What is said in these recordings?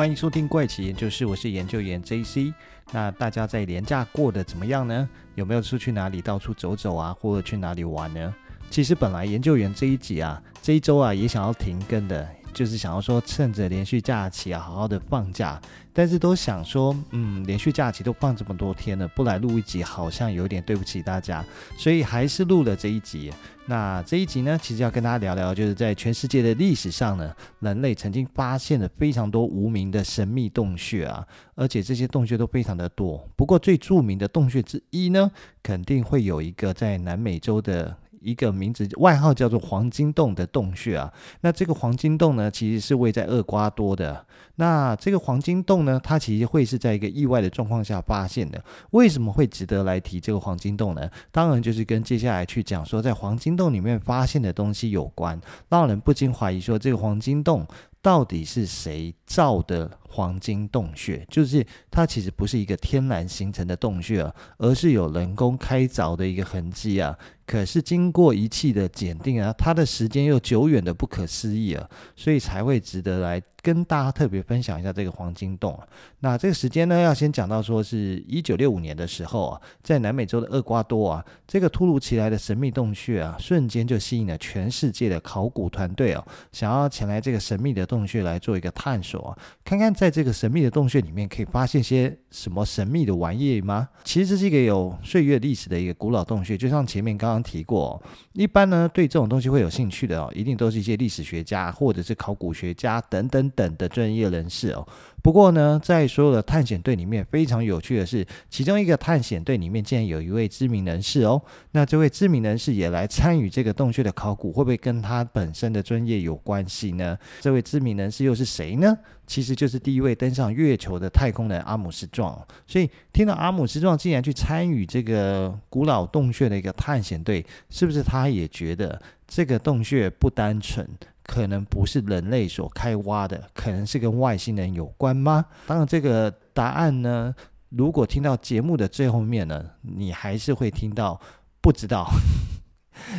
歡迎收聽怪奇研究室，我是研究員 JC。那大家在連假過得怎麼樣呢？有沒有出去哪裡到處走走啊，或者去哪裡玩呢？其實本來研究員這一集啊，這一周啊，也想要停更的。就是想要說，趁着連續假期啊，好好的放假。但是都想說，嗯，連續假期都放這麼多天了，不來錄一集，好像有點對不起大家。所以還是錄了這一集。那這一集呢，其實要跟大家聊聊，就是在全世界的歷史上呢，人類曾經發現了非常多無名的神秘洞穴啊，而且這些洞穴都非常的多。不過最著名的洞穴之一呢，肯定會有一個在南美洲的。一個名字外號叫做“黃金洞”的洞穴啊，那這個黃金洞呢，其實是位在厄瓜多的。那這個黃金洞呢，它其實會是在一個意外的狀況下發現的。為什麼會值得來提這個黃金洞呢？當然就是跟接下來去講說，在黃金洞裡面發現的東西有關，讓人不禁懷疑說，這個黃金洞到底是誰造的？黃金洞穴就是它其實不是一個天然形成的洞穴啊，而是有人工開鑿的一個痕跡啊。可是經過儀器的檢定啊，它的時間又久遠的不可思議啊，所以才會值得來跟大家特別分享一下這個黃金洞啊。那這個時間呢，要先講到說是1965年的時候啊，在南美洲的厄瓜多啊，這個突如其來的神秘洞穴啊，瞬間就吸引了全世界的考古團隊哦，想要前來這個神秘的洞穴來做一個探索啊，看看。在這個神秘的洞穴裡面，可以發現些什麼神秘的玩意嗎？其實這是一個有歲月歷史的一個古老洞穴，就像前面剛剛提過哦，一般呢，對這種東西會有興趣的哦，一定都是一些歷史學家或者是考古學家等等等的專業人士哦。不過呢，在所有的探險隊裡面，非常有趣的是，其中一個探險隊裡面竟然有一位知名人士哦。那這位知名人士也來參與這個洞穴的考古，會不會跟他本身的專業有關係呢？這位知名人士又是誰呢？其實就是第一位登上月球的太空人阿姆斯壯，所以聽到阿姆斯壯竟然去參與這個古老洞穴的一個探險隊，是不是他也覺得這個洞穴不單純，可能不是人類所開挖的，可能是跟外星人有關嗎？當然，這個答案呢，如果聽到節目的最後面呢，你還是會聽到不知道。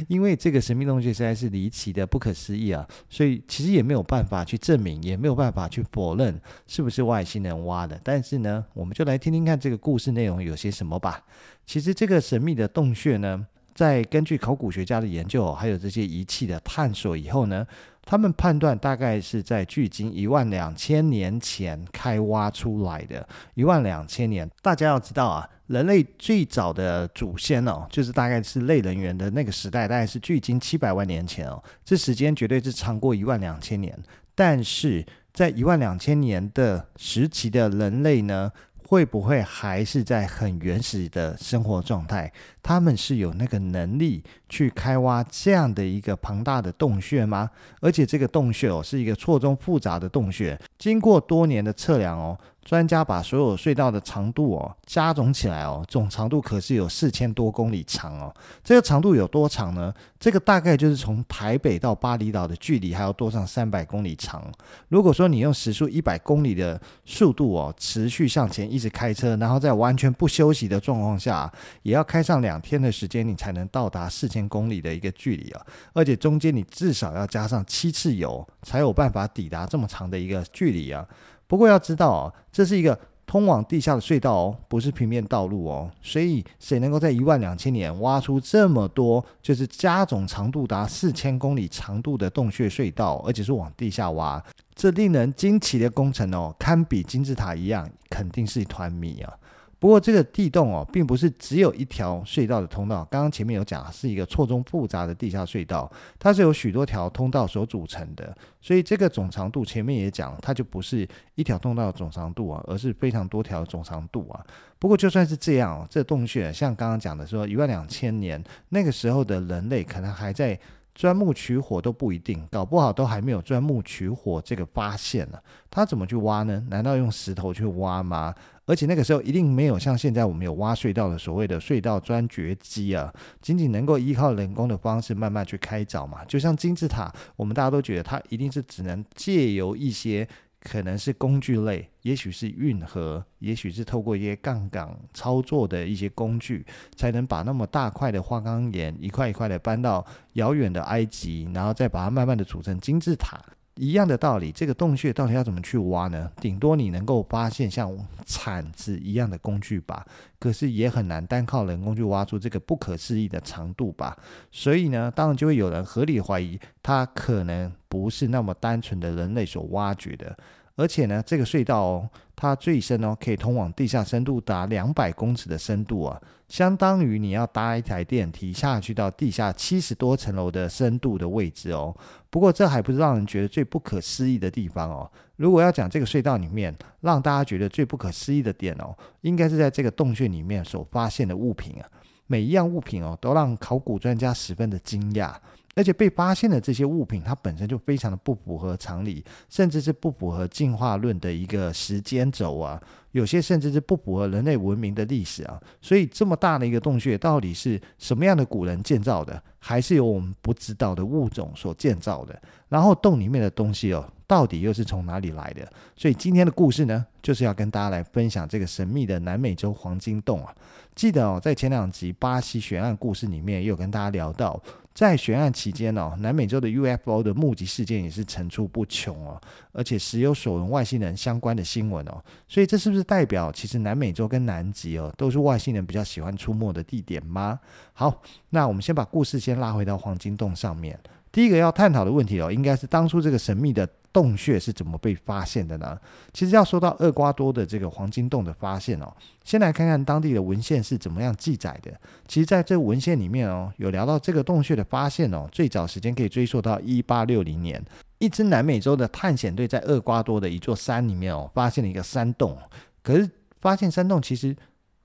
因為這個神秘洞穴實在是離奇的不可思議啊，所以其實也沒有辦法去證明，也沒有辦法去否認是不是外星人挖的。但是呢，我們就來聽聽看這個故事內容有些什麼吧。其實這個神秘的洞穴呢，在根據考古學家的研究，還有這些儀器的探索以後呢，他們判斷大概是在距今一萬兩千年前開挖出來的。一萬兩千年，大家要知道啊。人類最早的祖先哦，就是大概是類人猿的那個時代，大概是距今七百萬年前哦，這時間絕對是長過一萬兩千年，但是在一萬兩千年的時期的人類呢，會不會還是在很原始的生活狀態？他們是有那個能力？去開挖這樣的一個龐大的洞穴嗎？而且這個洞穴哦，是一個錯綜複雜的洞穴。經過多年的測量哦，專家把所有隧道的長度哦加總起來哦，總長度可是有四千多公里長哦。這個長度有多長呢？這個大概就是從台北到巴厘島的距離還要多上三百公里長。如果說你用時速一百公里的速度哦，持續向前一直開車，然後在完全不休息的狀況下，也要開上兩天的時間，你才能到達四千。公里的一個距離啊，而且中間你至少要加上七次油，才有辦法抵達這麼長的一個距離啊。不過要知道啊，這是一個通往地下的隧道哦，不是平面道路哦，所以誰能夠在一萬兩千年挖出這麼多，就是加總長度達四千公里長度的洞穴隧道，而且是往地下挖，這令人驚奇的工程哦，堪比金字塔一樣，肯定是一團謎啊。不過這個地洞哦，並不是只有一條隧道的通道。剛剛前面有講，是一個錯綜複雜的地下隧道，它是由許多條通道所組成的。所以這個總長度，前面也講，它就不是一條通道的總長度啊，而是非常多條的總長度啊。不過就算是這樣哦，這洞穴像剛剛講的說一萬兩千年那個時候的人類，可能還在。鑽木取火都不一定，搞不好都還沒有鑽木取火這個發現呢、啊。他怎麼去挖呢？難道用石頭去挖嗎？而且那個時候一定沒有像現在我們有挖隧道的所謂的隧道鑽掘機啊，僅僅能夠依靠人工的方式慢慢去開鑿嘛。就像金字塔，我們大家都覺得它一定是只能借由一些。可能是工具類，也許是運河，也許是透過一些槓桿操作的一些工具，才能把那麽大塊的花崗岩一塊一塊的搬到遙遠的埃及，然後再把它慢慢的組成金字塔。一樣的道理，這個洞穴到底要怎麼去挖呢？頂多你能夠發現像鏟子一樣的工具吧，可是也很難單靠人工去挖出這個不可思議的長度吧。所以呢，當然就會有人合理懷疑，它可能不是那麼單純的人類所挖掘的。而且呢，這個隧道哦，它最深哦，可以通往地下深度達兩百公尺的深度啊，相當於你要搭一台電梯下去到地下七十多層樓的深度的位置哦。不過這還不是讓人覺得最不可思議的地方哦。如果要講這個隧道裡面讓大家覺得最不可思議的點哦，應該是在這個洞穴裡面所發現的物品啊，每一樣物品哦，都讓考古專家十分的驚訝。而且被發現的這些物品，它本身就非常的不符合常理，甚至是不符合進化論的一個時間軸啊。有些甚至是不符合人類文明的歷史啊。所以這麼大的一個洞穴，到底是什麼樣的古人建造的，還是由我們不知道的物種所建造的？然後洞裡面的東西哦，到底又是從哪裡來的？所以今天的故事呢，就是要跟大家來分享這個神秘的南美洲黃金洞啊。記得哦，在前兩集《巴西懸案故事》裡面，也有跟大家聊到。在懸案期間哦，南美洲的 UFO 的目擊事件也是層出不窮哦，而且時有所聞外星人相關的新聞哦，所以這是不是代表其實南美洲跟南極哦都是外星人比較喜歡出沒的地點嗎？好，那我們先把故事先拉回到黃金洞上面，第一個要探討的問題哦，應該是當初這個神秘的。洞穴是怎麼被發現的呢？其實要說到厄瓜多的這個黃金洞的發現哦，先來看看當地的文獻是怎麼樣記載的。其實，在這文獻裡面哦，有聊到這個洞穴的發現哦，最早時間可以追溯到一八六零年，一支南美洲的探險隊在厄瓜多的一座山裡面哦，發現了一個山洞。可是發現山洞其實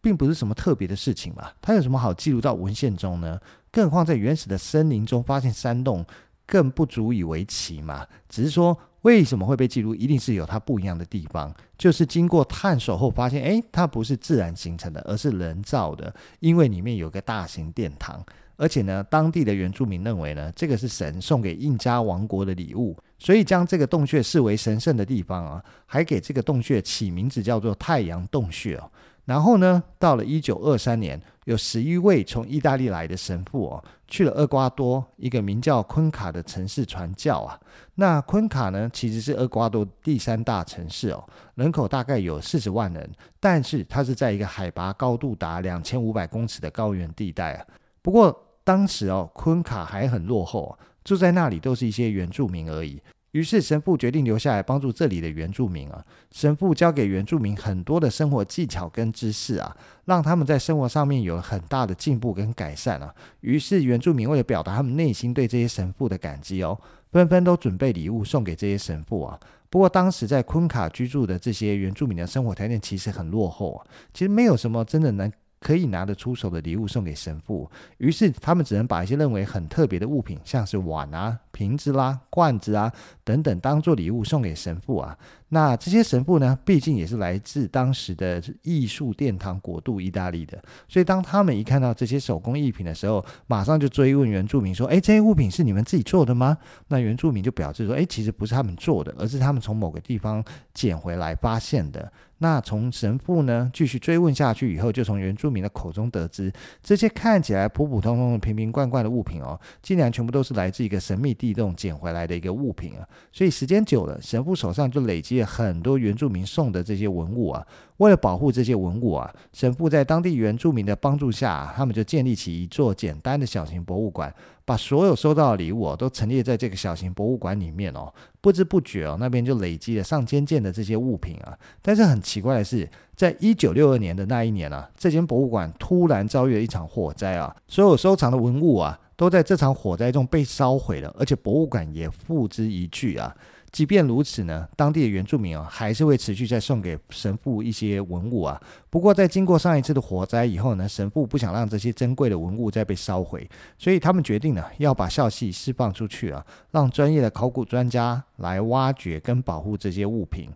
並不是什麼特別的事情嘛，它有什麼好記錄到文獻中呢？更何況在原始的森林中發現山洞更不足以為奇嘛，只是說。為什麼會被記錄？一定是有它不一樣的地方，就是經過探索後發現，誒，它不是自然形成的，而是人造的，因為裡面有個大型殿堂，而且呢，當地的原住民認為呢，這個是神送給印加王國的禮物，所以將這個洞穴視為神聖的地方啊，還給這個洞穴起名字叫做太陽洞穴哦。然後呢，到了一九二三年，有十一位從意大利來的神父哦，去了厄瓜多，一個名叫昆卡的城市傳教啊。那昆卡呢，其實是厄瓜多第三大城市哦，人口大概有四十萬人，但是它是在一個海拔高度達兩千五百公尺的高原地帶啊。不過當時哦，昆卡還很落後，住在那裡都是一些原住民而已。於是神父決定留下來幫助這裡的原住民啊。神父教給原住民很多的生活技巧跟知識啊，讓他們在生活上面有了很大的進步跟改善啊。於是原住民為了表達他們內心對這些神父的感激，哦，紛紛都準備禮物送給這些神父啊。不過當時在昆卡居住的這些原住民的生活條件其實很落後啊，其實沒有什麼真的能可以拿得出手的禮物送給神父，於是他們只能把一些認為很特別的物品，像是碗啊、瓶子啦、啊、罐子啊等等，當做禮物送給神父啊。那這些神父呢，畢竟也是來自當時的藝術殿堂國度意大利的，所以當他們一看到這些手工藝品的時候，馬上就追問原住民說：“誒，這些物品是你們自己做的嗎？”那原住民就表示說：“誒，其實不是他們做的，而是他們從某個地方撿回來發現的。”那從神父呢繼續追問下去以後，就從原住民的口中得知，這些看起來普普通通的瓶瓶罐罐的物品哦，竟然全部都是來自一個神秘地洞撿回來的一個物品啊。所以時間久了，神父手上就累積了很多原住民送的這些文物啊。為了保護這些文物啊，神父在當地原住民的幫助下啊，他們就建立起一座簡單的小型博物館。把所有收到的禮物啊，都陳列在這個小型博物館裡面哦，不知不覺哦，那邊就累積了上千件的這些物品啊。但是很奇怪的是，在一九六二年的那一年啊，這間博物館突然遭遇了一場火災啊，所有收藏的文物啊，都在這場火災中被燒毀了，而且博物館也付之一炬啊。即便如此呢，當地的原住民啊、哦、還是會持續再送給神父一些文物啊。不過在經過上一次的火災以後呢，神父不想讓這些珍貴的文物再被燒毀，所以他們決定呢，要把消息釋放出去啊，讓專業的考古專家來挖掘跟保護這些物品。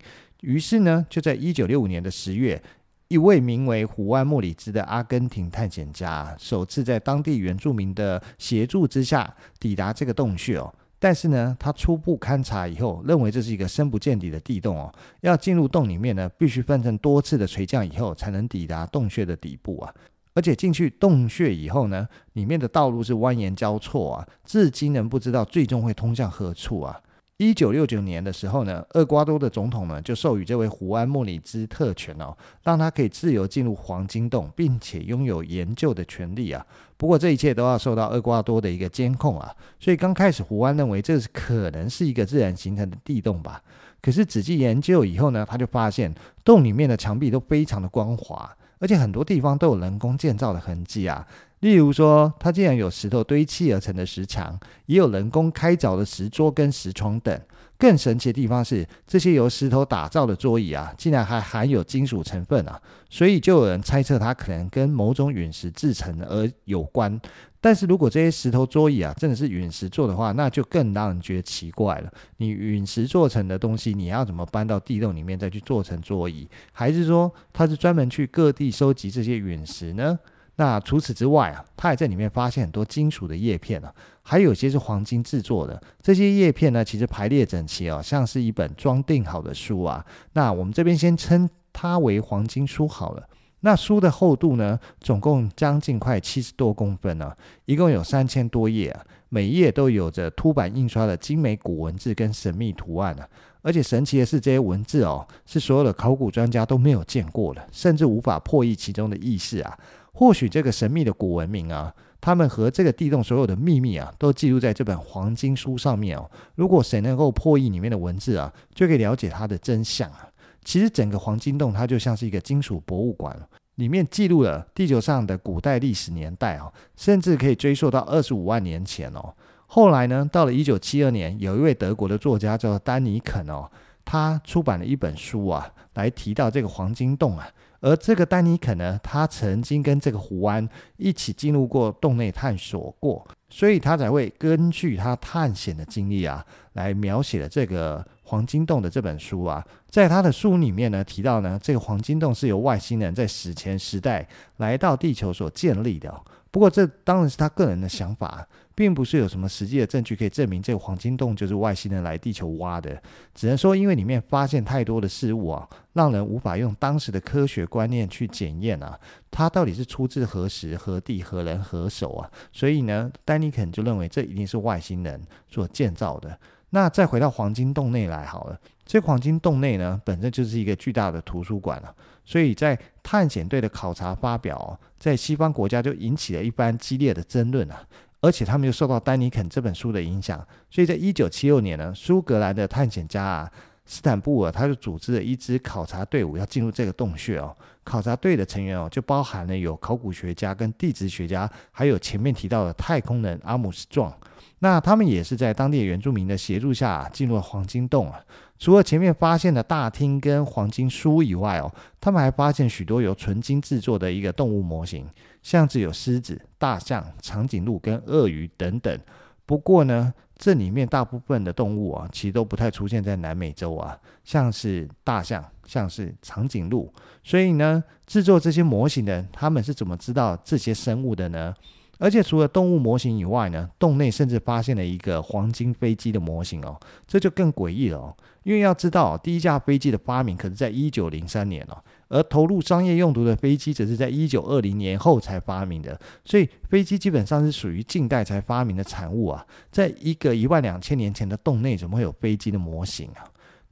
於是呢，就在一九六五年的十月，一位名為胡安·莫里茲的阿根廷探險家首次在當地原住民的協助之下抵達這個洞穴哦。但是呢，他初步勘察以後，認為這是一個深不見底的地洞哦。要進入洞裡面呢，必須分成多次的垂降以後，才能抵達洞穴的底部啊。而且進去洞穴以後呢，裡面的道路是蜿蜒交錯啊，至今仍不知道最終會通向何處啊。一九六九年的時候呢，厄瓜多的總統呢就授予這位胡安·莫里茲特權哦，讓他可以自由進入黃金洞，並且擁有研究的權利啊。不過這一切都要受到厄瓜多的一個監控啊。所以剛開始胡安認為這是可能是一個自然形成的地洞吧。可是仔細研究以後呢，他就發現洞裡面的牆壁都非常的光滑，而且很多地方都有人工建造的痕跡啊。例如說，它竟然有石頭堆砌而成的石牆，也有人工開鑿的石桌跟石床等。更神奇的地方是，這些由石頭打造的桌椅啊，竟然還含有金屬成分啊！所以就有人猜測，它可能跟某種隕石製成而有關。但是如果這些石頭桌椅啊，真的是隕石做的話，那就更讓人覺得奇怪了。你隕石做成的東西，你要怎麼搬到地洞裡面再去做成桌椅？還是說，它是專門去各地收集這些隕石呢？那除此之外啊，他還在裡面發現很多金屬的葉片啊，還有些是黃金制作的。這些葉片呢，其實排列整齊啊、哦，像是一本裝訂好的書啊。那我們這邊先稱它為“黃金書”好了。那書的厚度呢，總共將近快七十多公分呢、啊，一共有三千多頁啊。每頁都有着凸版印刷的精美古文字跟神秘圖案啊。而且神奇的是，這些文字哦，是所有的考古專家都沒有見過的，甚至無法破譯其中的意思啊。或許這個神秘的古文明啊，他們和這個地洞所有的秘密啊，都記錄在這本黃金書上面哦。如果誰能夠破譯裡面的文字啊，就可以了解它的真相啊。其實整個黃金洞它就像是一個金屬博物館，裡面記錄了地球上的古代歷史年代啊，甚至可以追溯到二十五萬年前哦。後來呢，到了一九七二年，有一位德國的作家叫丹尼肯哦，他出版了一本書啊，來提到這個黃金洞啊。而這個丹尼肯呢，他曾經跟這個胡安一起進入過洞內探索過，所以他才會根據他探險的經歷啊，來描寫了這個黃金洞的這本書啊，在他的書裡面呢，提到呢，這個黃金洞是由外星人在史前時代來到地球所建立的。不過這當然是他個人的想法。並不是有什麼實際的證據可以證明這個黃金洞就是外星人來地球挖的，只能說因為裡面發現太多的事物啊，讓人無法用當時的科學觀念去檢驗啊，它到底是出自何時何地何人何手啊？所以呢，丹尼肯就認為這一定是外星人所建造的。那再回到黃金洞內來好了，這黃金洞內呢本身就是一個巨大的圖書館了，啊，所以在探險隊的考察發表，啊，在西方國家就引起了一番激烈的爭論啊。而且他們又受到丹尼肯這本書的影響，所以在一九七六年呢，蘇格蘭的探險家啊斯坦布爾他就組織了一支考察隊伍，要進入這個洞穴哦。考察隊的成員哦，就包含了有考古學家跟地質學家，還有前面提到的太空人阿姆斯壯。那他們也是在當地的原住民的協助下、啊、進入了黃金洞。除了前面發現的大廳跟黃金書以外哦，他們還發現許多由純金製作的一個動物模型。像是有獅子、大象、長頸鹿跟鱷魚等等。不過呢，這裡面大部分的動物啊，其實都不太出現在南美洲啊，像是大象、像是長頸鹿。所以呢，製作這些模型的人,他們是怎麼知道這些生物的呢？而且除了動物模型以外呢，洞內甚至發現了一個黃金飛機的模型哦，這就更詭異了哦。因為要知道哦，第一架飛機的發明可是在一九零三年哦。而投入商業用途的飛機，則是在一九二零年後才發明的，所以飛機基本上是屬於近代才發明的產物啊！在一個一萬兩千年前的洞內，怎麼會有飛機的模型啊？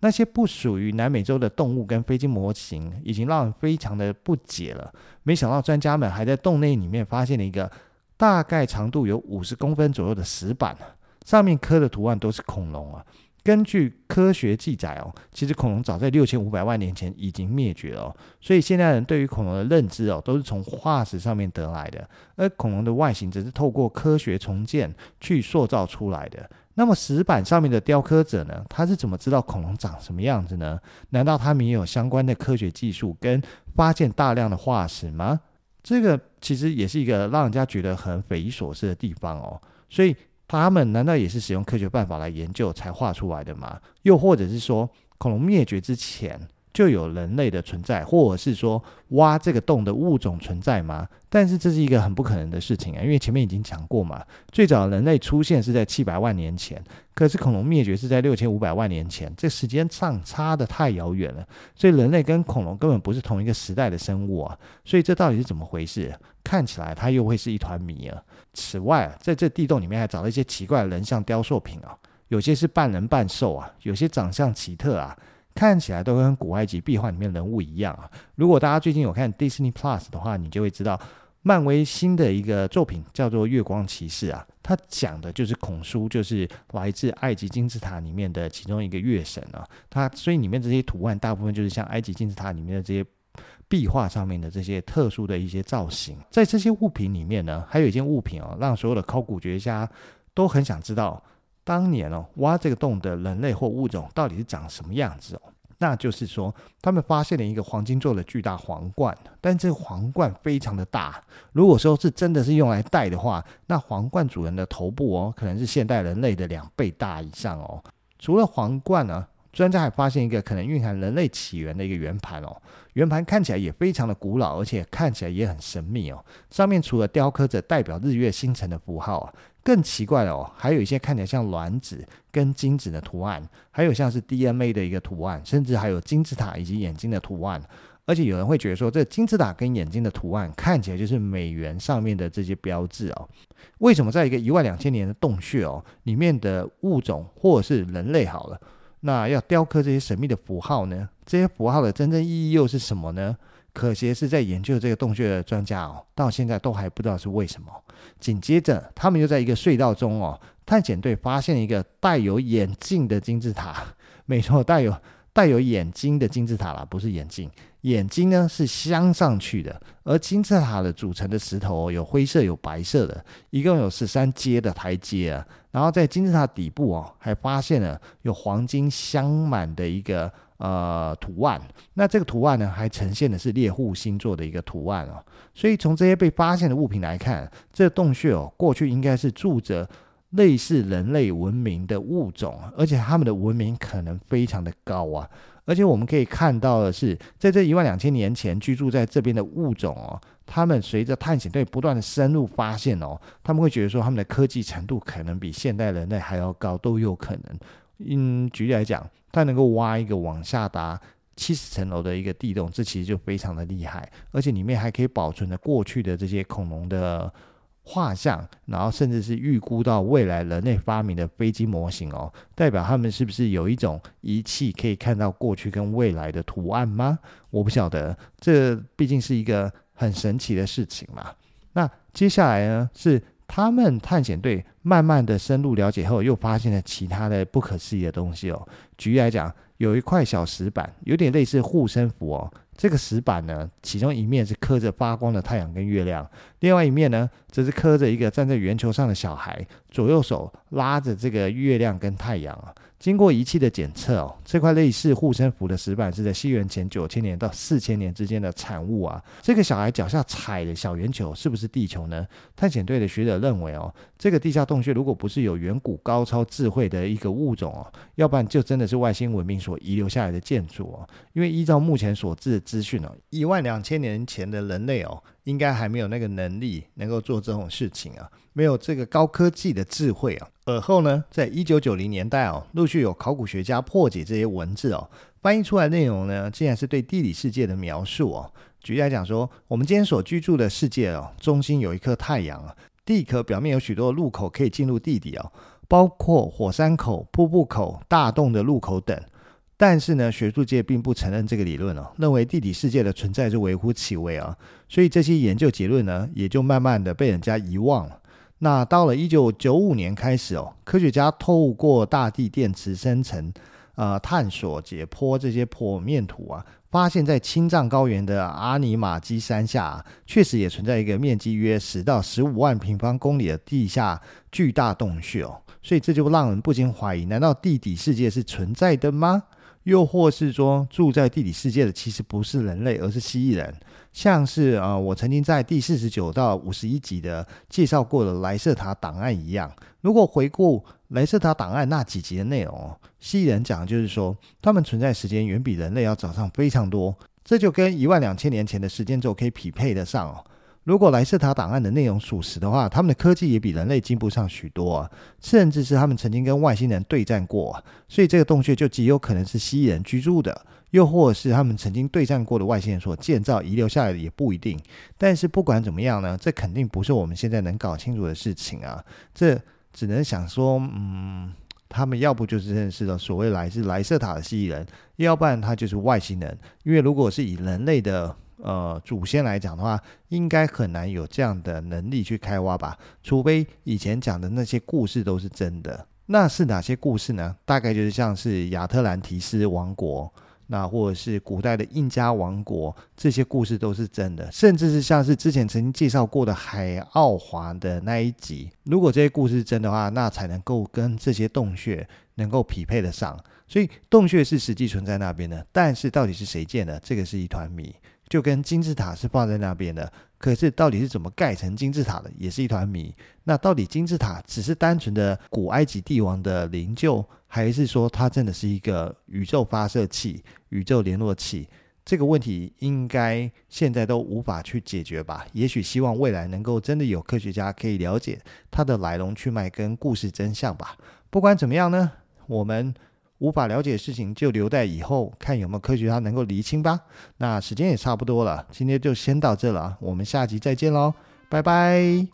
那些不屬於南美洲的動物跟飛機模型，已經讓人非常的不解了。沒想到專家們還在洞內裡面發現了一個大概長度有五十公分左右的石板，上面刻的圖案都是恐龍啊！根據科學記載哦,其實恐龍早在六千五百萬年前已經滅絕了哦,所以現代人對於恐龍的認知哦,都是從化石上面得來的,而恐龍的外形則是透過科學重建去塑造出來的。那麼石板上面的雕刻者呢,他是怎麼知道恐龍長什麼樣子呢？難道他們也有相關的科學技術跟發現大量的化石嗎？這個其實也是一個讓人家覺得很匪夷所思的地方哦,所以。他們難道也是使用科學辦法來研究才畫出來的嗎？又或者是說，恐龍滅絕之前，就有人類的存在，或者是說挖這個洞的物種存在嗎？但是這是一個很不可能的事情啊，因為前面已經講過嘛，最早人類出現是在七百萬年前，可是恐龍滅絕是在六千五百萬年前，這時間上差得太遙遠了，所以人類跟恐龍根本不是同一個時代的生物啊，所以這到底是怎麼回事？看起來它又會是一團謎啊。此外啊，在這地洞裡面還找了一些奇怪的人像雕塑品啊，有些是半人半獸啊，有些長相奇特啊。看起來都跟古埃及壁畫裡面人物一樣啊！如果大家最近有看 Disney Plus 的話，你就會知道，漫威新的一個作品叫做《月光騎士》啊，它講的就是孔蘇，就是來自埃及金字塔裡面的其中一個月神啊。它所以裡面這些圖案大部分就是像埃及金字塔裡面的這些壁畫上面的這些特殊的一些造型。在這些物品裡面呢，還有一件物品哦，讓所有的考古學家都很想知道。當年哦，挖這個洞的人類或物種到底是長什麼樣子哦？那就是說，他們發現了一個黃金做的巨大皇冠，但這個皇冠非常的大。如果說是真的是用來戴的話，那皇冠主人的頭部哦，可能是現代人類的兩倍大以上哦。除了皇冠呢，啊，專家還發現一個可能蘊含人類起源的一個圓盤哦。圓盤看起來也非常的古老，而且看起來也很神秘哦。上面除了雕刻着代表日月星辰的符號更奇怪的哦，還有一些看起來像卵子跟精子的圖案，還有像是 DNA 的一個圖案，甚至還有金字塔以及眼睛的圖案。而且有人會覺得說，這金字塔跟眼睛的圖案看起來就是美元上面的這些標誌哦。為什麼在一個一萬兩千年的洞穴哦裡面的物種或者是人類好了，那要雕刻這些神秘的符號呢？這些符號的真正意義又是什麼呢？可惜是在研究這個洞穴的專家哦，到現在都還不知道是為什麼。緊接着，他們又在一個隧道中哦，探險隊發現了一個帶有眼鏡的金字塔，沒錯，帶有帶有眼睛的金字塔啦，不是眼鏡，眼睛呢是鑲上去的。而金字塔的組成的石頭哦，有灰色、有白色的，一共有十三階的台階啊。然後在金字塔底部哦，還發現了有黃金鑲滿的一個。呃，圖案，那這個圖案呢，還呈現的是獵戶星座的一個圖案哦。所以從這些被發現的物品來看，這洞穴哦，過去應該是住着類似人類文明的物種，而且他們的文明可能非常的高啊。而且我們可以看到的是，在這一萬兩千年前居住在這邊的物種哦，他們隨着探險隊不斷的深入發現哦，他們會覺得說他們的科技程度可能比現代人類還要高，都有可能。嗯，In, 舉例來講，它能夠挖一個往下達七十層樓的一個地洞，這其實就非常的厲害，而且裡面還可以保存着過去的這些恐龍的畫像，然後甚至是預估到未來人類發明的飛機模型哦，代表他們是不是有一種儀器可以看到過去跟未來的圖案嗎？我不曉得，這畢竟是一個很神奇的事情嘛。那接下來呢，是。他們探險隊慢慢的深入了解後，又發現了其他的不可思議的東西哦。舉例來講，有一塊小石板，有點類似護身符哦。這個石板呢，其中一面是刻着發光的太陽跟月亮，另外一面呢，則是刻着一個站在圓球上的小孩，左右手拉着這個月亮跟太陽。經過儀器的檢測哦，這塊類似護身符的石板是在西元前九千年到四千年之間的產物啊。這個小孩腳下踩的小圓球是不是地球呢？探險隊的學者認為哦，這個地下洞穴如果不是有遠古高超智慧的一個物種哦，要不然就真的是外星文明所遺留下來的建築哦。因為依照目前所知的資訊哦，一萬兩千年前的人類哦，應該還沒有那個能力能夠做這種事情啊。沒有這個高科技的智慧啊！而後呢，在一九九零年代啊，陸續有考古學家破解這些文字哦、啊，翻譯出來的內容呢，竟然是對地底世界的描述哦、啊。舉例來講說，我們今天所居住的世界哦、啊，中心有一顆太陽啊，地殼表面有許多路口可以進入地底啊，包括火山口、瀑布口、大洞的路口等。但是呢，學術界並不承認這個理論哦、啊，認為地底世界的存在是微乎其微啊，所以這些研究結論呢，也就慢慢的被人家遺忘了。那到了一九九五年開始哦，科學家透過大地電磁生成，呃，探索解剖這些剖面圖啊，發現在青藏高原的阿尼瑪基山下啊，確實也存在一個面積約十到十五萬平方公里的地下巨大洞穴哦，所以這就讓人不禁懷疑：難道地底世界是存在的嗎？又或是說，住在地底世界的其實不是人類，而是蜥蜴人？像是啊、呃，我曾經在第四十九到五十一集的介紹過的萊瑟塔檔案一樣，如果回顧萊瑟塔檔案那幾集的內容，蜥蜴人講的就是說，他們存在時間遠比人類要早上非常多，這就跟一萬兩千年前的時間軸可以匹配得上。如果萊瑟塔檔案的內容屬實的話，他們的科技也比人類進步上許多，甚至是他們曾經跟外星人對戰過，所以這個洞穴就極有可能是蜥蜴人居住的。又或者是他們曾經對戰過的外星人所建造遺留下來的也不一定，但是不管怎麼樣呢，這肯定不是我們現在能搞清楚的事情啊！這只能想說，嗯，他們要不就是認識了所謂來自萊瑟塔的蜥蜴人，要不然他就是外星人。因為如果是以人類的呃祖先來講的話，應該很難有這樣的能力去開挖吧？除非以前講的那些故事都是真的。那是哪些故事呢？大概就是像是亞特蘭提斯王國。那或者是古代的印加王國，這些故事都是真的，甚至是像是之前曾經介紹過的海奧華的那一集，如果這些故事真的話，那才能夠跟這些洞穴能夠匹配得上，所以洞穴是實際存在那邊的，但是到底是誰建的？這個是一團謎。就跟金字塔是放在那邊的，可是到底是怎麼蓋成金字塔的，也是一團謎。那到底金字塔只是單純的古埃及帝王的靈柩，還是說它真的是一個宇宙發射器、宇宙聯絡器？這個問題應該現在都無法去解決吧？也許希望未來能夠真的有科學家可以了解它的來龍去脈跟故事真相吧。不管怎麼樣呢，我們。無法了解的事情就留在以後看有沒有科學家能夠釐清吧。那時間也差不多了，今天就先到這了，我們下集再見嘍，拜拜。